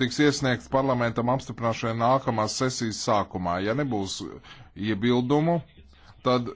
tiks iesniegts parlamentam apstiprināšanai nākamās sesijas sākumā. Ja nebūs iebildumu, tad